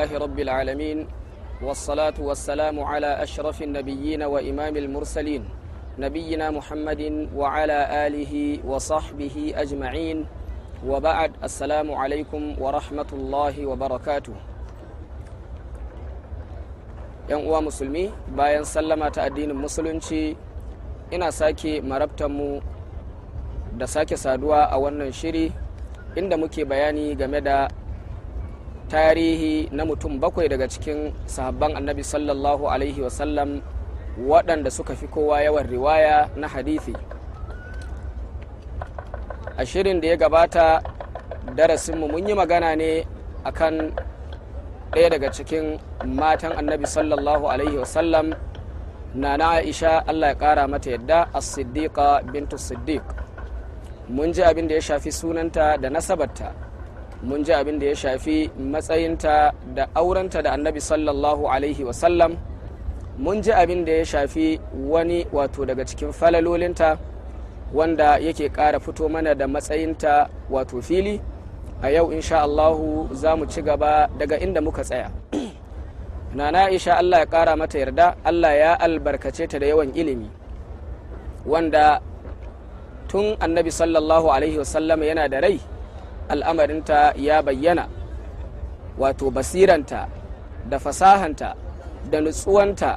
لله رب العالمين والصلاة والسلام على أشرف النبيين وإمام المرسلين نبينا محمد وعلى آله وصحبه أجمعين وبعد السلام عليكم ورحمة الله وبركاته yan uwa musulmi bayan sallama ta addinin musulunci ina sake marabtanmu da sake saduwa a wannan shiri inda muke bayani game da tarihi na mutum bakwai daga cikin sahabban annabi sallallahu alaihi wasallam waɗanda suka fi kowa yawan riwaya na hadithi a shirin da ya gabata darasinmu mun yi magana ne akan ɗaya daga cikin matan annabi sallallahu alaihi wasallam na na aisha allah ya ƙara mata yadda a siddiqa bintu siddiq mun ji abin da ya shafi sunanta da nasabarta mun ji abin da ya shafi matsayinta da aurenta da annabi sallallahu alaihi wasallam mun ji abin da ya shafi wani wato daga cikin falalolinta wanda yake kara fito mana da matsayinta wato fili a yau insha Allahu za mu ci gaba daga inda muka tsaya nana aisha Allah ya ƙara mata yarda Allah ya albarkace ta da yawan ilimi wanda tun annabi sallallahu alaihi wasallam yana da rai al'amarinta ya bayyana wato basiranta da fasahanta da nutsuwanta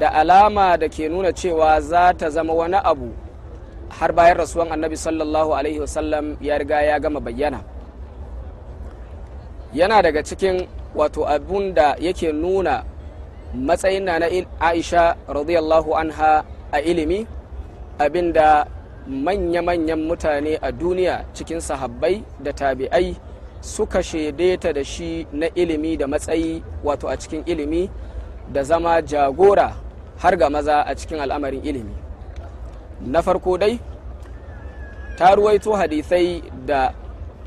da alama da ke nuna cewa za ta zama wani abu har bayan rasuwan annabi sallallahu alaihi wasallam ya riga ya gama bayyana yana daga cikin wato abun da yake nuna matsayin na aisha radiyallahu anha a ilimi abin da. manya-manyan mutane a duniya cikin sahabbai da tabi'ai suka ta da shi na ilimi da matsayi wato a cikin ilimi da zama jagora har ga maza a cikin al'amarin ilimi na farko dai ta ruwaito hadisai da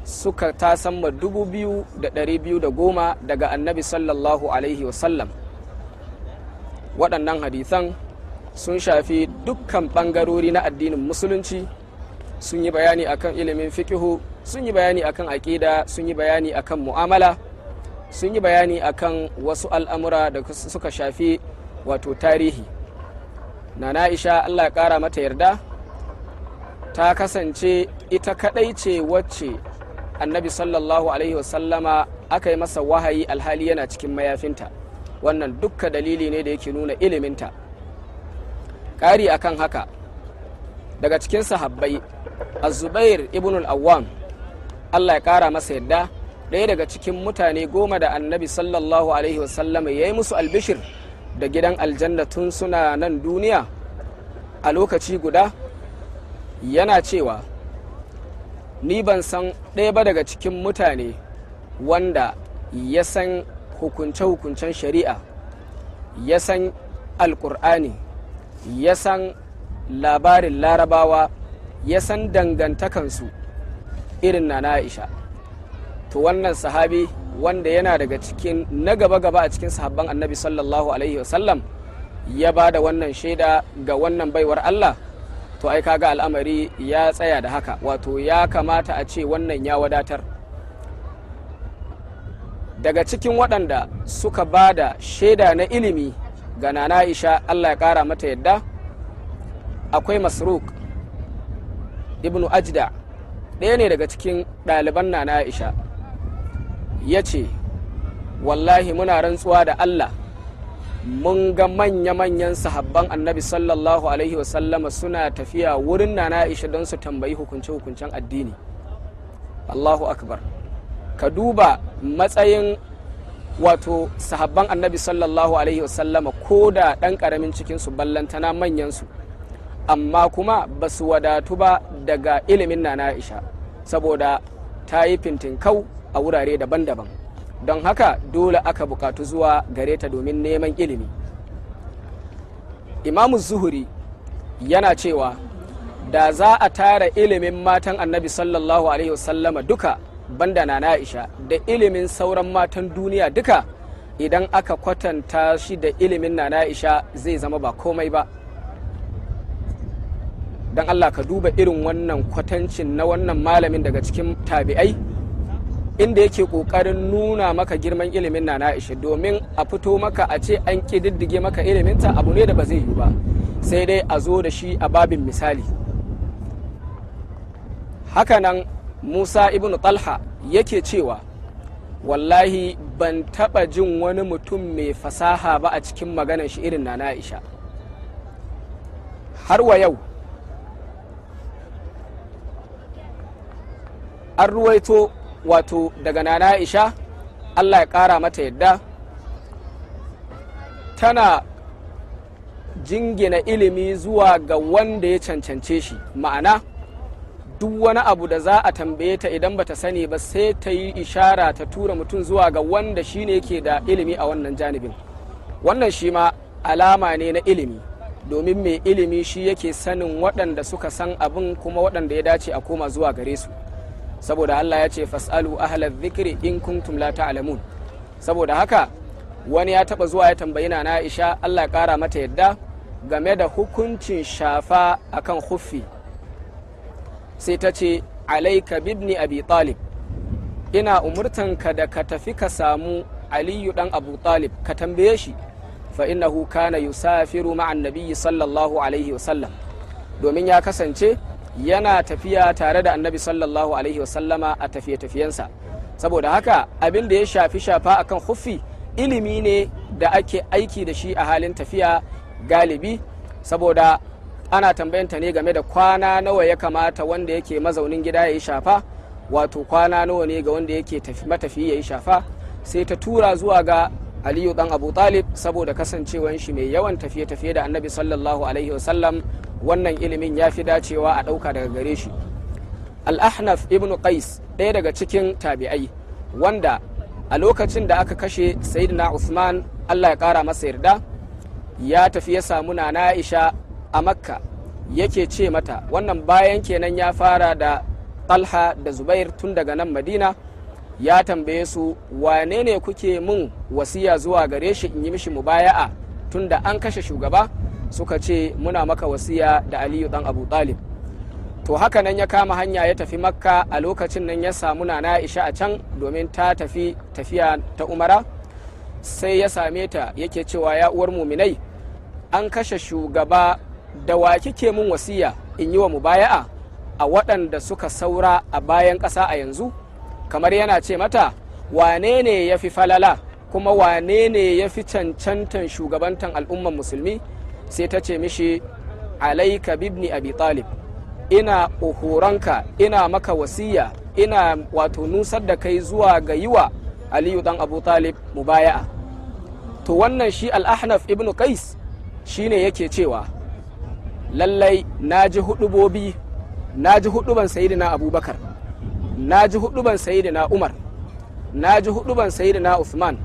suka ta samma dubu biyu da dari biyu da goma daga annabi sallallahu alaihi wasallam waɗannan hadisan sun shafi dukkan bangarori na addinin musulunci sun yi bayani akan ilimin fikihu sun yi bayani akan aƙida sun yi bayani akan mu'amala sun yi bayani akan wasu al'amura da suka shafi wato tarihi na na'isha allah ya ƙara mata yarda ta kasance ita kaɗai ce wacce annabi sallallahu alaihi wasallama aka yi masa wahayi alhali yana cikin mayafinta wannan dukka dalili ne da yake nuna iliminta ƙari akan haka daga cikin sahabbai azubair ibn al-awwam allah ya kara masa yadda ɗaya daga cikin mutane goma da annabi sallallahu alaihi wasallam ya yi musu albishir da gidan aljanna tun suna nan duniya a lokaci guda yana cewa ni ban san ɗaya ba daga cikin mutane wanda ya san hukunce-hukuncen shari'a ya san alkur'ani ya san labarin larabawa ya san dangantakansu irin na na'isha to wannan sahabi wanda yana daga cikin na gaba-gaba a cikin sahabban annabi sallallahu alaihi wasallam ya ba da wannan shaida ga wannan baiwar allah to ai kaga al'amari ya tsaya da haka wato ya kamata a ce wannan ya wadatar daga cikin waɗanda suka ba da shaida na ilimi ga nana aisha allah ya kara mata yadda akwai masruk ibnu ajda ɗaya ne daga cikin ɗaliban nana isha ya ce wallahi muna rantsuwa da allah mun ga manya-manyan sahabban annabi sallallahu alaihi wasallama suna tafiya wurin nana aisha don su tambayi hukunce-hukuncen addini allahu akbar ka duba matsayin wato sahabban annabi sallallahu alaihi wasallama ko da ɗan ƙaramin cikin cikinsu ballantana manyansu amma kuma ba su wadatu ba daga ilimin na na'isha saboda ta yi kau a wurare daban-daban don haka dole aka bukatu zuwa gare ta domin neman ilimi imamu zuhuri yana cewa da za a tara ilimin matan annabi sallallahu alaihi wasallama duka banda na Aisha da ilimin sauran matan duniya duka idan aka kwatanta shi da ilimin na Aisha zai zama ba komai ba don Allah ka duba irin wannan kwatancin na wannan malamin daga cikin tabi'ai inda yake kokarin nuna maka girman ilimin na Aisha domin a fito maka a ce an ƙididdige maka iliminta abu ne da ba zai yi ba sai dai a zo da shi a babin misali hakanan musa ibn talha yake cewa wallahi ban taɓa jin wani mutum mai fasaha ba a cikin maganar shi irin na na'isha har wa yau an ruwaito wato daga na'isha aisha allah ya kara mata yadda tana jingina ilimi zuwa ga wanda ya cancance shi ma'ana duk wani abu da za a tambaye ta idan bata sani ba sai ta yi ishara ta tura mutum zuwa ga wanda shi ne ke da ilimi a wannan janibin wannan shi ma alama ne na ilimi domin mai ilimi shi yake sanin waɗanda suka san abin kuma waɗanda ya dace a koma zuwa gare su saboda Allah ya ce fasalu ahlal zikri in kuntum la ta'lamun saboda haka wani ya taba zuwa ya tambayi na Aisha Allah ya kara mata yadda game da hukuncin shafa akan huffi sai ta ce alaika bibni abi talib ina umurtanka da ka tafi ka samu aliyu dan abu talib ka tambaye shi fa innahu kana yusafiru ma'an nabiyyi sallallahu alaihi wasallam domin ya kasance yana tafiya tare da annabi sallallahu alaihi wasallama a tafiye-tafiyensa saboda haka abin da ya shafi shafa akan huffi ilimi ne da ake aiki da shi a halin tafiya galibi saboda ana tambayan ta ne game da kwana nawa ya kamata wanda yake mazaunin gida ya yi shafa wato kwana nawa ne ga wanda yake matafi ya yi shafa sai ta tura zuwa ga aliyu dan abu talib saboda kasancewan shi mai yawan tafiye-tafiye da annabi sallallahu alaihi wasallam wannan ilimin ya fi dacewa a ɗauka daga gare shi al-ahnaf ibn qais ɗaya daga cikin tabi'ai wanda a lokacin da aka kashe sayyidina usman allah ya kara masa yarda ya tafi ya samu nana aisha a makka yake ce mata wannan bayan kenan ya fara da talha da zubair tun daga nan madina ya tambaye su wane ne kuke mun wasiya zuwa gare shi in yi mishi mu mubaya'a tun da an kashe shugaba suka ce muna maka wasiya da aliyu dan abu talib to haka nan ya kama hanya ya tafi makka a lokacin nan ya samu nana isha a can domin ta tafi tafiya ta umara sai ya same ta yake cewa ya uwar muminai an kashe shugaba da wa kike mun wasiya in yi wa mubaya'a a waɗanda suka saura a bayan ƙasa a yanzu kamar yana ce mata wane ne ya fi falala kuma wane ne ya fi cancantan shugabantan al'umman musulmi sai ta ce mishi alaika bibni abi talib ina uhuranka ina maka wasiya ina wato nusar da kai zuwa ga yiwa aliyu dan abu talib mubaya'a to wannan shi al'ahnaf ahnaf ibn qais shine yake cewa lallai na ji hudubobi na ji huduban sayidina abubakar na ji huduban sayidina umar na ji huduban sayidina usman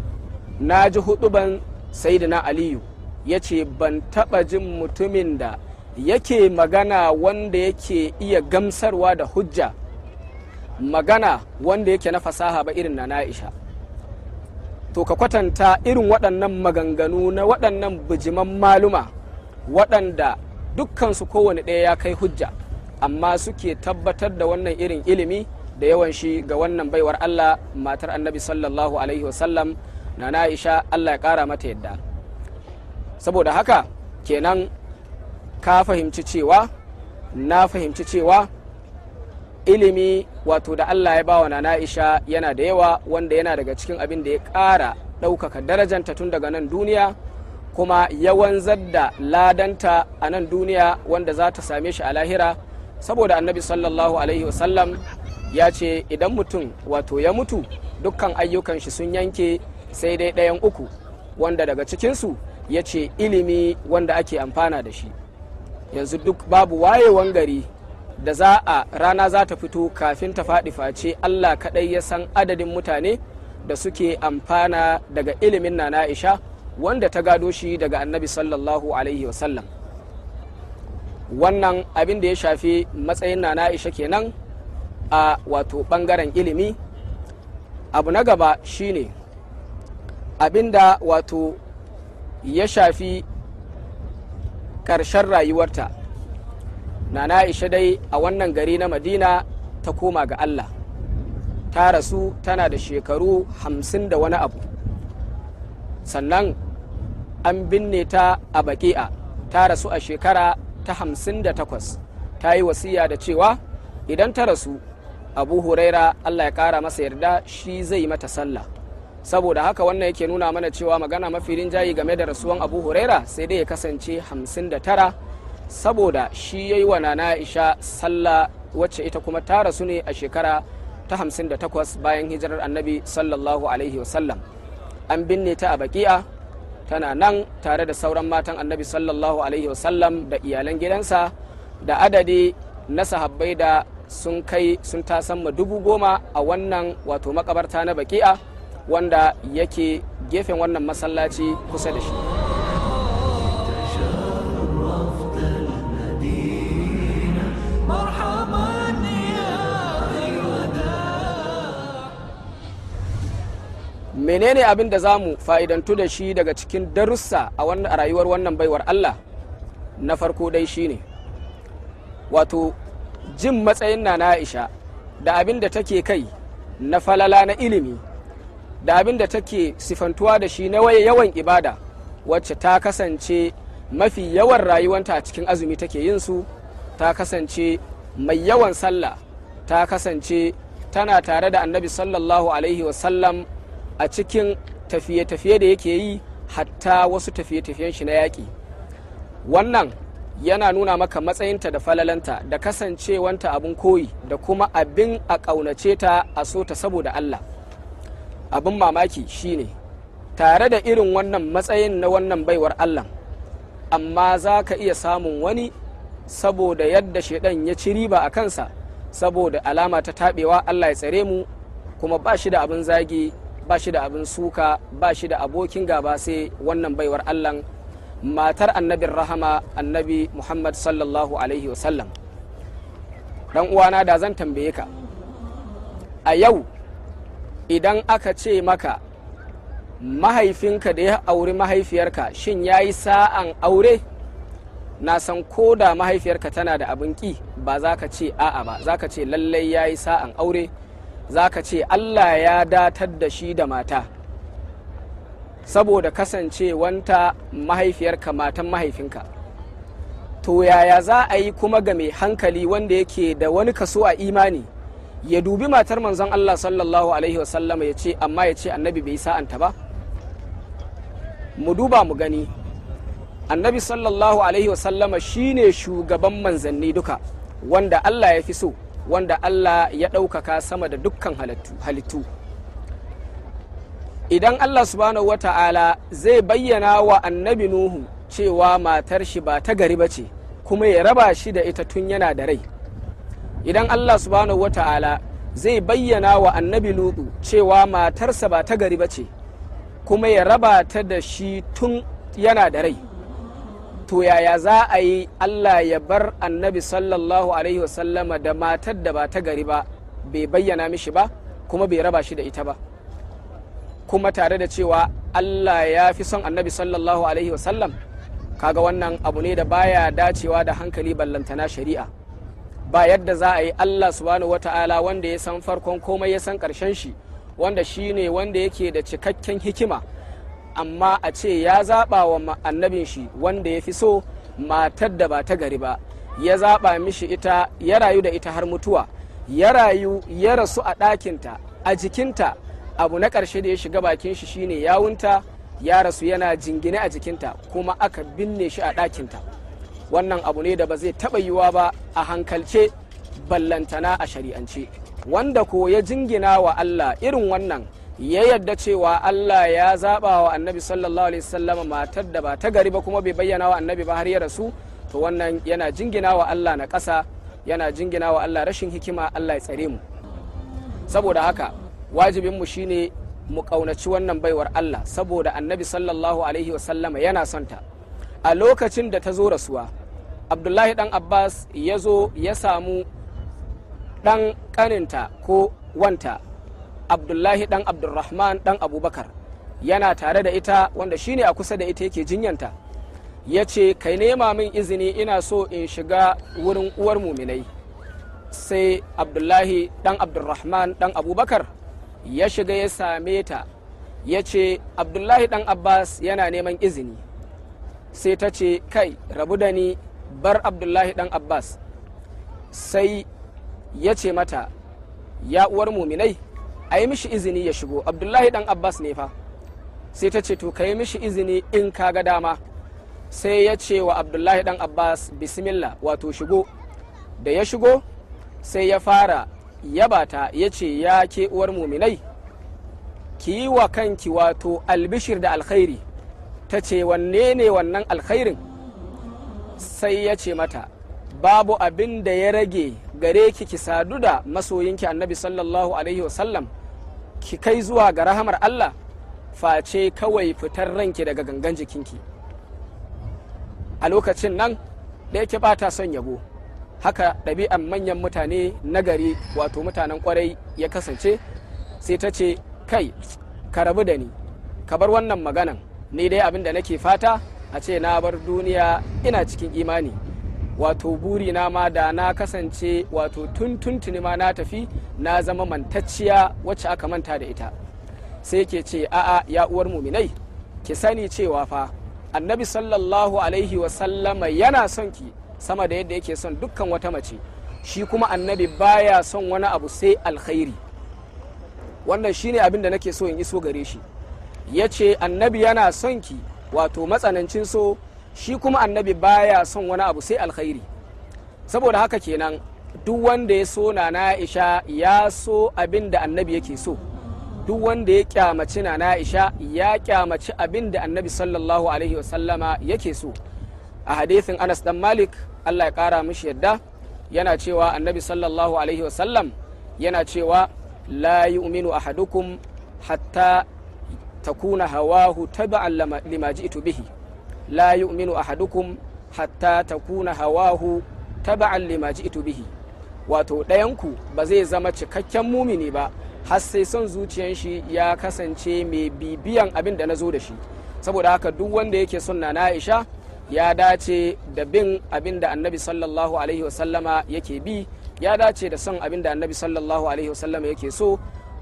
na ji huduban sayidina aliyu ya ce ban taba jin mutumin da yake magana wanda yake iya gamsarwa da hujja magana wanda yake na fasaha ba irin na na'isha to ka kwatanta irin waɗannan maganganu na waɗannan bijiman maluma waɗanda dukkansu kowane ɗaya ya kai hujja amma suke tabbatar da wannan irin ilimi da yawan shi ga wannan baiwar Allah matar annabi sallallahu alaihi wasallam na na'isha Allah ya kara mata yadda saboda haka kenan ka fahimci cewa na fahimci cewa ilimi wato da Allah ya bawa na na'isha yana da yawa wanda yana daga cikin abin da ya ƙara ɗaukaka darajanta tun daga nan duniya kuma ya wanzar da ladanta a nan duniya wanda za ta same shi a lahira saboda annabi sallallahu alaihi wasallam ya ce idan mutum wato ya mutu dukkan ayyukan shi sun yanke sai dai ɗayan uku wanda daga cikinsu ya ce ilimi wanda ake amfana da shi yanzu duk babu wayewan gari da za a rana za ta fito kafin ta faɗi face allah kaɗai ya san adadin mutane da suke amfana daga ilimin na na'isha. wanda ta gado shi daga annabi sallallahu alaihi wasallam wannan abin da ya shafi matsayin na na'isha kenan a wato bangaren ilimi abu na gaba shine abin da wato ya shafi karshen rayuwarta na na'isha dai a wannan gari na madina ta koma ga allah ta rasu tana da shekaru hamsin da wani abu sannan an binne ta a baki'a ta rasu a shekara ta hamsin da takwas ta yi wasiya da cewa idan ta rasu abu huraira allah ya kara masa yarda shi zai mata sallah saboda haka wannan yake nuna mana cewa magana mafi rinjayi game da rasuwan abu huraira sai dai ya kasance hamsin da tara saboda shi ya yi wa nana aisha sallah wacce ita kuma ta rasu ne a shekara ta hamsin da takwas bayan hijirar annabi sallallahu alaihi wasallam an binne ta a baki'a tana nan tare da sauran matan annabi sallallahu alaihi wasallam da iyalan gidansa da adadi na sahabbai da sun kai sun tasamma dubu goma a wannan wato makabarta na baki'a wanda yake gefen wannan masallaci kusa da shi. menene abin da za mu fa'idantu da shi daga cikin darussa a rayuwar wannan baiwar Allah na farko dai shine wato jin matsayin na na'isha da abin da take kai na falala na ilimi da abin da take sifantuwa da shi na waye yawan ibada wacce ta kasance mafi yawan rayuwanta a cikin azumi take yin su ta kasance mai yawan sallah ta kasance tana tare da annabi sallallahu alaihi wasallam a cikin tafiye-tafiye da yake yi hatta wasu tafiye-tafiyen shi na yaƙi wannan yana nuna maka matsayinta da falalanta da kasancewanta abin koyi da kuma abin a ƙaunace ta a so ta saboda Allah abin mamaki shine tare da irin wannan matsayin na wannan baiwar Allah amma za ka iya samun wani saboda yadda shaidan ya ci riba a kansa saboda alama ta taɓewa Allah ya tsare mu kuma ba shi da abin zagi ba shi da abin suka ba shi da abokin gaba sai wannan baiwar allah matar annabin rahama annabi muhammad sallallahu alaihi wasallam dan uwana da zan tambaye ka a yau idan aka ce maka mahaifinka da ya auri mahaifiyarka shin ya yi sa'an aure na san ko da mahaifiyarka tana da abin ƙi ba za ka ce a'a ba za ka ce lallai ya yi sa'an aure za ka ce allah ya datar da shi da mata saboda kasancewanta mahaifiyarka matan mahaifinka to yaya za a yi kuma ga mai hankali wanda yake da wani kaso a imani ya dubi matar manzon allah sallallahu alaihi wasallama ya ce amma ya ce annabi bai sa'anta ba mu duba mu gani annabi sallallahu alaihi wasallama shine shugaban manzanni duka wanda allah ya fi so wanda Allah ya ɗaukaka sama da dukkan halittu idan Allah subhanahu wata'ala zai bayyana wa annabi Nuhu cewa matar shi ba ta gari ba ce kuma ya raba shi da ita tun yana da rai idan Allah subhanahu wata'ala zai bayyana wa annabi nuhu cewa matarsa ba ta gari ba ce kuma ya raba ta da shi tun yana da rai to yaya za a yi Allah ya bar annabi sallallahu alaihi wasallama da matar da ba ta gari ba bai bayyana mishi ba kuma bai raba shi da ita ba kuma tare da cewa Allah ya fi son annabi sallallahu alaihi wasallam kaga wannan abu ne da baya dacewa da hankali ballantana shari'a ba yadda za a yi Allah subhanahu wata'ala wanda ya san farkon komai ya san karshen shi wanda shi ne wanda yake da cikakken hikima amma a ce ya zaɓa wa annabin shi wanda ya fi so matar da ba ta gari ba ya zaɓa mishi ita ya rayu da ita har mutuwa ya rayu ya rasu a ɗakinta a jikinta abu na ƙarshe da ya shiga bakin shi shine yawunta ya rasu yana jingine a jikinta kuma aka binne shi a ɗakinta wannan abu ne da ba zai taɓa yiwuwa ba a hankalce ballantana a shari'ance wanda ko ya jingina wa allah irin wannan ya yadda cewa Allah ya zaba wa annabi sallallahu alaihi wasallam matar da ba ta gari ba kuma bai bayyana wa annabi ba har ya rasu to wannan yana jingina wa Allah na ƙasa yana jingina wa Allah rashin hikima Allah ya tsare mu saboda haka wajibin mu shine mu ƙaunaci wannan baiwar Allah saboda annabi sallallahu alaihi wasallam yana son ta a lokacin da ta zo rasuwa Abdullahi dan Abbas ya zo ya samu dan kaninta ko wanta abdullahi dan abdulrahman dan abubakar yana tare da ita wanda shine a kusa da ita yake jinyanta ya ce kai nema min izini ina so in shiga wurin uwar muminai sai abdullahi dan abdulrahman dan abubakar ya shiga ya same ta ya ce abdullahi dan abbas yana neman izini sai ta ce kai rabu da ni bar abdullahi dan abbas sai ya ce mata ya uwar muminai a yi mishi izini ya shigo abdullahi dan abbas ne fa sai ta ce to ka yi mishi izini in ka ga dama sai ya ce wa abdullahi dan abbas bismillah wato shigo da ya shigo sai ya fara yabata ya ce ya ke uwar muminai ki yi wa kanki wato albishir da alkhairi ta ce wanne ne wannan alkhairin sai ya ce mata babu abin da ya rage gare ki ki sadu da masoyinki annabi sallallahu alaihi wasallam ki kai zuwa ga rahamar Allah face kawai fitar ranki daga gangan jikinki a lokacin nan da yake bata son yabo haka ɗabi'an manyan mutane na gari wato mutanen kwarai ya kasance sai ta ce kai ka rabu da ni ka bar wannan maganan ni dai abin da nake fata a ce na bar duniya ina cikin imani wato buri na ma da na kasance wato tun ma na tafi na zama mantacciya wacce aka manta da ita sai ke ce a'a ya uwar muminai ki sani cewa fa annabi sallallahu alaihi wasallama yana son ki sama da yadda yake son dukkan wata mace shi kuma annabi baya son wani abu sai alkhairi wannan shine abin da nake so in iso gare shi ya ce annabi yana son ki wato matsanancin so shi kuma annabi baya son wani abu sai alkhairi saboda haka kenan duk wanda ya so na na'isha ya so abin da annabi yake so duk wanda ya kyamaci na Aisha ya kyamaci abin da annabi sallallahu alaihi wasallama yake so a hadithin Anas dan Malik Allah ya kara mishi yadda yana cewa annabi sallallahu alaihi wasallam yana cewa la yu'minu ahadukum hatta takuna hawahu taba'an lima ji'tu bihi la yu'minu ahadukum hatta takuna hawahu taba'an lima ji'tu bihi wato ɗayanku ba zai zama cikakken mumini ba har sai son zuciyar shi ya kasance mai bibiyan abin da na zo da shi saboda haka duk wanda yake son na Aisha ya dace da bin abin da annabi sallallahu alaihi wasallama yake bi ya dace da son abin da annabi sallallahu alaihi wasallama yake so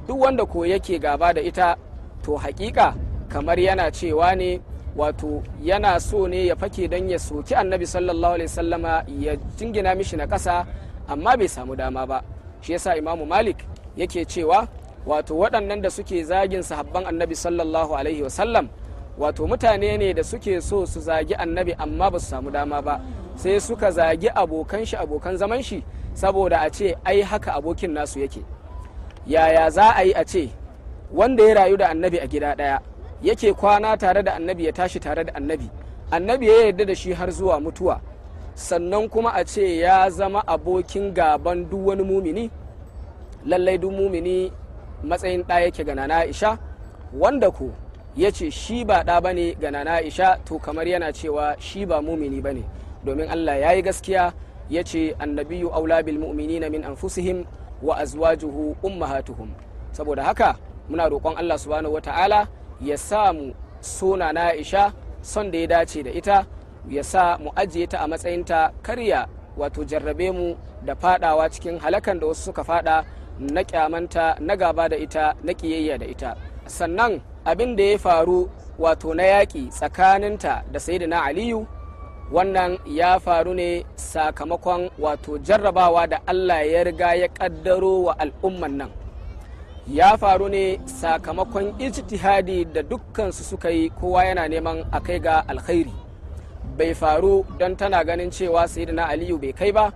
duk wanda ko yake gaba da ita to haƙiƙa kamar yana cewa ne wato yana so ne ya fake don ya soki annabi sallallahu alaihi sallama ya jingina mishi na ƙasa amma bai samu dama ba shi yasa imamu malik yake cewa wato waɗannan da suke zagin sahabban annabi sallallahu alaihi wasallam wato mutane ne da suke so su zagi annabi amma ba su samu dama ba sai suka zagi abokan shi abokan zaman shi saboda a ce ai haka abokin nasu yake yaya za a yi a ce wanda ya rayu da annabi a gida ɗaya yake kwana tare da annabi ya tashi tare da annabi annabi ya yarda da shi har zuwa mutuwa sannan kuma a ce ya zama abokin gaban duk wani mumini lallai duk mumini matsayin ɗa yake ga nana aisha wanda ko ya ce shi ba ɗa ba ne ga nana aisha to kamar yana cewa shi ba mumini ba ne domin allah ya yi gaskiya ya ce annabiyu aula bil na min anfusihim wa azwajuhu ummahatuhum saboda haka muna roƙon allah subhanahu ta'ala. ya sa mu suna na aisha son da ya dace da ita ya sa mu ajiye ta a matsayinta karya wato jarrabe mu da fadawa cikin halakan da wasu suka fada na kyamanta na gaba da ita na kiyayya da ita sannan abin da ya faru wato na yaƙi tsakaninta da sayidina aliyu wannan ya faru ne sakamakon wato jarrabawa da allah ya riga ya ƙaddaro wa al'umman nan ya faru ne sakamakon ijtihadi da dukkansu suka yi kowa yana neman a kai ga alkhairi bai faru don tana ganin cewa na aliyu bai kai ba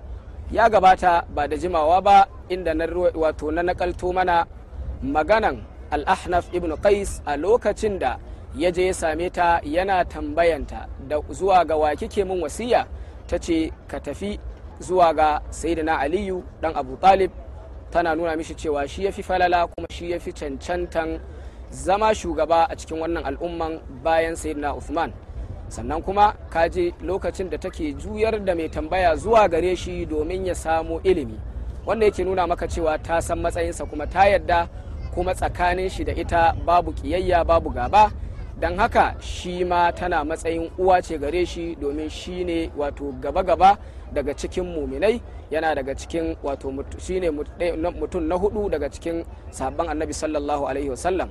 ya gabata ba da jimawa ba inda na wato na nakalto mana maganan al-ahnaf ibn qais a lokacin da ya je ya same ta yana tambayanta da zuwa ga wa kike min wasiya ta ce ka tafi zuwa ga sayyidina aliyu dan abu talib tana nuna mishi cewa shi ya fi falala kuma shi ya fi cancantan zama shugaba a cikin wannan al'umman bayan sayyidina Uthman sannan kuma kaje lokacin da take juyar da mai tambaya zuwa gare shi domin ya samo ilimi wanda yake nuna maka cewa ta san matsayinsa kuma ta yadda kuma tsakanin shi da ita babu kiyayya babu gaba don haka shi ma tana matsayin uwa ce gare shi domin shi ne wato gaba-gaba daga cikin muminai yana daga cikin wato shine mutum na hudu daga cikin sabon annabi sallallahu alaihi wasallam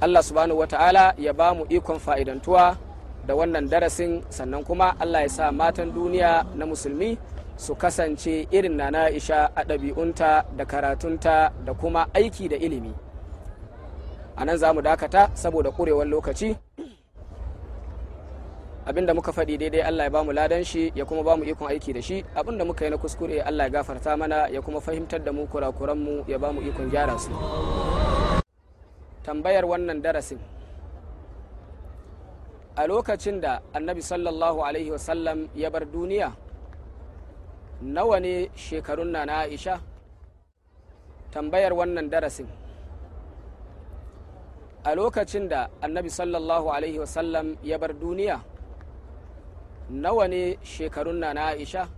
Allah subhanahu wata'ala ya ba mu ikon fa'idantuwa da wannan darasin sannan kuma Allah ya sa matan duniya na musulmi su kasance irin na na'isha a ɗabi'unta da karatunta da kuma aiki da ilimi a nan za mu dakata saboda ƙurewar lokaci abinda muka faɗi daidai Allah ya bamu ladan shi ya kuma bamu ikon aiki da shi abinda muka yi na kuskure Allah ya gafarta mana ya kuma fahimtar da mu kurakuran mu ya bamu ikon gyara su tambayar wannan darasin a lokacin da annabi sallallahu alaihi wasallam ya bar duniya nawa ne shekarun na na aisha tambayar wannan darasin a lokacin da annabi sallallahu alaihi wasallam ya bar duniya nawa ne shekarun na na aisha